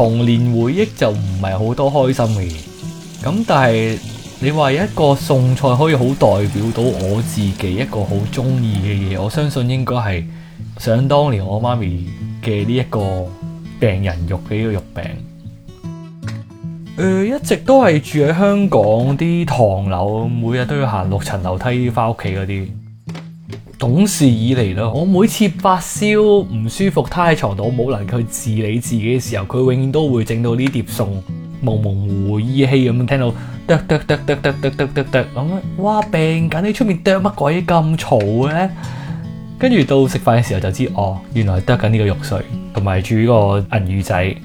童年回憶就唔係好多開心嘅嘢，咁但係你話一個餸菜可以好代表到我自己一個好中意嘅嘢，我相信應該係想當年我媽咪嘅呢一個病人肉嘅呢個肉餅。誒、呃、一直都係住喺香港啲唐樓，每日都要行六層樓梯翻屋企嗰啲。懂事以嚟咯，我每次發燒唔舒服，攤喺床度冇能力去自理自己嘅時候，佢永遠都會整到呢碟餸，朦朦糊，依稀咁聽到得得得得得得得得咁，哇，病緊你出面得乜鬼咁嘈嘅？跟住到食飯嘅時候就知哦，原來得緊呢個肉碎同埋煮個銀魚仔，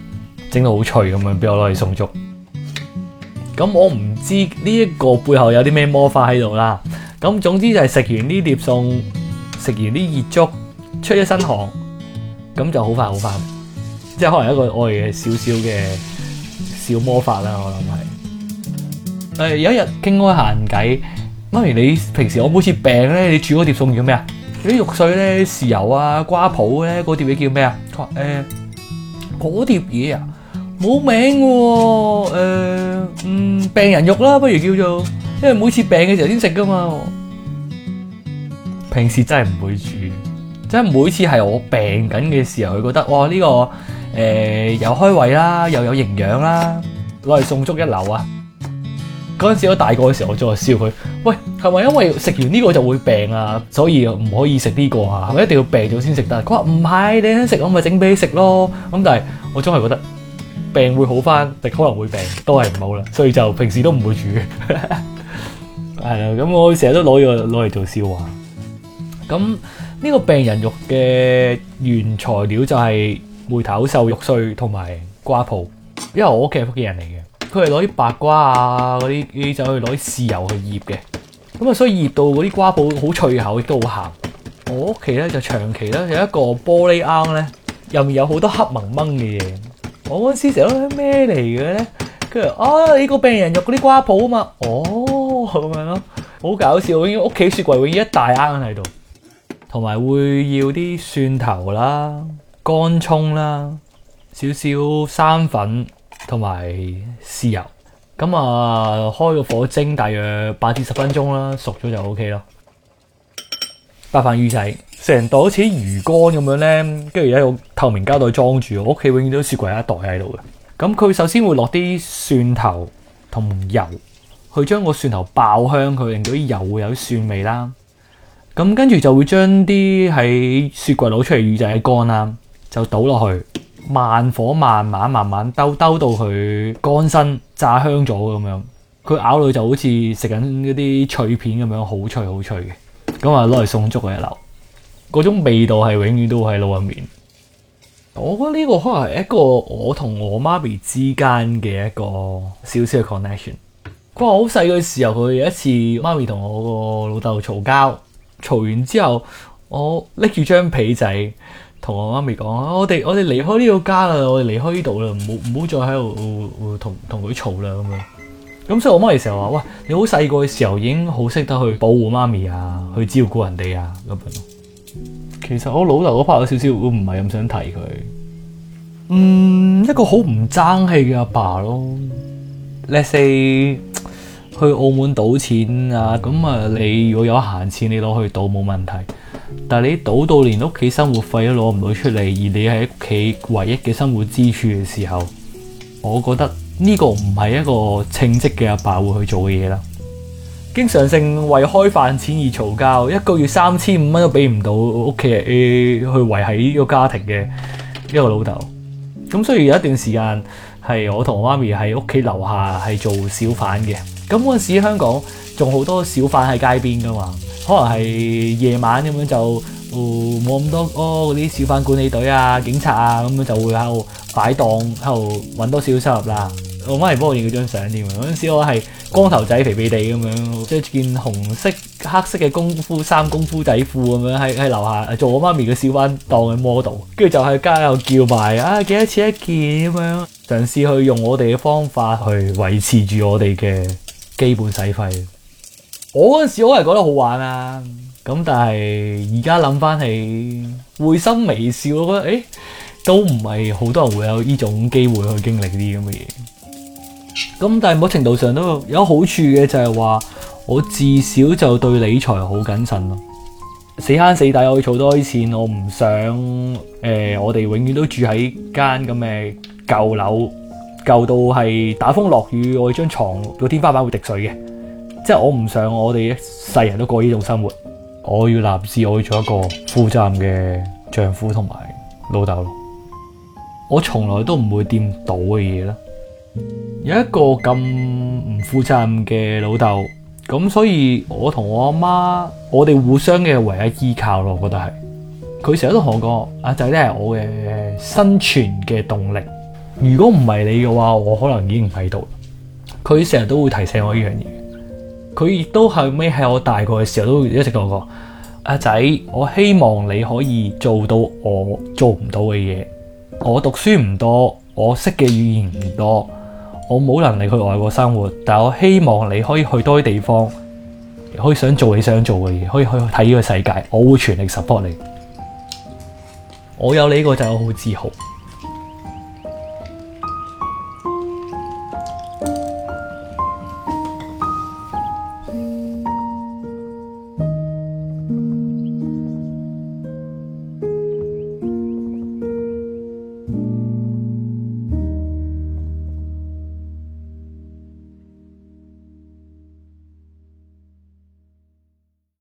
整到好脆咁樣俾我攞去送粥。咁我唔知呢一個背後有啲咩魔法喺度啦。咁總之就係食完呢碟餸。食完啲熱粥，出一身汗，咁就好快好快。即係可能一個愛嘅小小嘅小魔法啦，我諗係。誒有一日傾開閒偈，媽咪，你平時我每次病咧，你煮嗰碟餸叫咩啊？啲肉碎咧、豉油啊、瓜脯咧，嗰碟嘢叫咩啊？佢嗰、欸、碟嘢啊冇名嘅喎，哦欸，嗯，病人肉啦，不如叫做，因為每次病嘅時候先食噶嘛。平時真係唔會煮，即係每次係我病緊嘅時候，佢覺得哇呢、呢個誒又、呃、開胃啦，又有營養啦，攞嚟送粥一流啊！嗰陣時我大個嘅時候，我再係笑佢，喂，係咪因為食完呢個就會病啊？所以唔可以食呢個啊？係咪一定要病咗先食得？佢話唔係，你想食我咪整俾你食咯。咁但係我總係覺得病會好返，但可能會病都係唔好啦，所以就平時都唔會煮。係 啦，咁我成日都攞依個攞嚟做笑話。咁呢個病人肉嘅原材料就係梅頭瘦肉碎同埋瓜脯，因為我屋企係福建人嚟嘅，佢係攞啲白瓜啊嗰啲，就去攞啲豉油去醃嘅，咁啊所以醃到嗰啲瓜脯好脆口，亦都好鹹。我屋企咧就長期咧有一個玻璃罌咧，入面有好多黑蒙蒙嘅嘢，我陣時成日咧咩嚟嘅咧？跟住啊呢個病人肉嗰啲瓜脯啊嘛，哦咁樣咯，好搞笑，我屋企雪櫃永遠一大罌喺度。同埋會要啲蒜頭啦、乾蔥啦、少少生粉同埋豉油，咁啊開個火蒸大約八至十分鐘啦，熟咗就 O K 咯。白飯魚仔成袋好似魚乾咁樣咧，跟住喺個透明膠袋裝住，我屋企永遠都雪櫃一袋喺度嘅。咁佢首先會落啲蒜頭同油，去將個蒜頭爆香佢，令到啲油會有啲蒜味啦。咁跟住就會將啲喺雪櫃攞出嚟，就係魚仔乾啦，就倒落去，慢火慢慢慢慢兜兜，兜到佢乾身炸香咗咁樣，佢咬落就好似食緊嗰啲脆片咁樣，好脆好脆嘅。咁啊攞嚟送粥嘅一流，嗰種味道係永遠都喺腦入面。我覺得呢個可能係一個我同我媽咪之間嘅一個小小嘅 connection。佢話好細嘅時候，佢有一次媽咪同我個老豆嘈交。嘈完之後，我拎住張被仔同我媽咪講：我哋我哋離開呢個家啦，我哋離開呢度啦，唔好唔好再喺度同同佢嘈啦咁樣。咁所以我媽咪成日話：哇，你好細個嘅時候已經好識得去保護媽咪啊，去照顧人哋啊咁樣。其實我老豆都拍咗少少，我唔係咁想提佢。嗯，一個好唔爭氣嘅阿爸，爸咯。Let's say. 去澳門賭錢啊！咁啊，你如果有閒錢，你攞去賭冇問題。但係你賭到連屋企生活費都攞唔到出嚟，而你喺屋企唯一嘅生活支柱嘅時候，我覺得呢個唔係一個稱職嘅阿爸會去做嘅嘢啦。經常性為開飯錢而嘈交，一個月三千五蚊都俾唔到屋企人去維係呢個家庭嘅一個老豆。咁所以有一段時間係我同我媽咪喺屋企樓下係做小販嘅。咁嗰陣時，香港仲好多小販喺街邊噶嘛，可能係夜晚咁樣就冇咁、嗯、多嗰啲、哦、小販管理隊啊、警察啊咁樣就會喺度擺檔，喺度揾多少少收入啦。我媽咪幫我影咗張相添，嗰、那、陣、個、時我係光頭仔、肥肥地咁樣，即係件紅色、黑色嘅功夫衫、功夫仔褲咁樣喺喺樓下做我媽咪嘅小販檔嘅 model，跟住就喺街度叫埋啊幾多錢一件咁樣，嘗試去用我哋嘅方法去維持住我哋嘅。基本使費，我嗰陣時我係覺得好玩啊，咁但係而家諗翻起會心微笑，我覺得誒、欸、都唔係好多人會有呢種機會去經歷啲咁嘅嘢。咁但係某程度上都有好處嘅就係話，我至少就對理財好謹慎咯，死慳死抵我要儲多啲錢，我唔想誒、呃、我哋永遠都住喺間咁嘅舊樓。舊到係打風落雨，我張床個天花板會滴水嘅，即係我唔想我哋一世人都過呢種生活。我要立志，我要做一個負責任嘅丈夫同埋老豆。我從來都唔會掂到嘅嘢咧。有一個咁唔負責任嘅老豆，咁所以我同我阿媽，我哋互相嘅唯一依靠咯，我覺得係佢成日都同我講，阿仔咧係我嘅生存嘅動力。如果唔係你嘅話，我可能已經唔喺度。佢成日都會提醒我呢樣嘢。佢亦都後尾喺我大個嘅時候，都一直同我講：阿仔，我希望你可以做到我做唔到嘅嘢。我讀書唔多，我識嘅語言唔多，我冇能力去外國生活。但係我希望你可以去多啲地方，可以想做你想做嘅嘢，可以去睇呢個世界。我會全力 support 你。我有呢個就係我好自豪。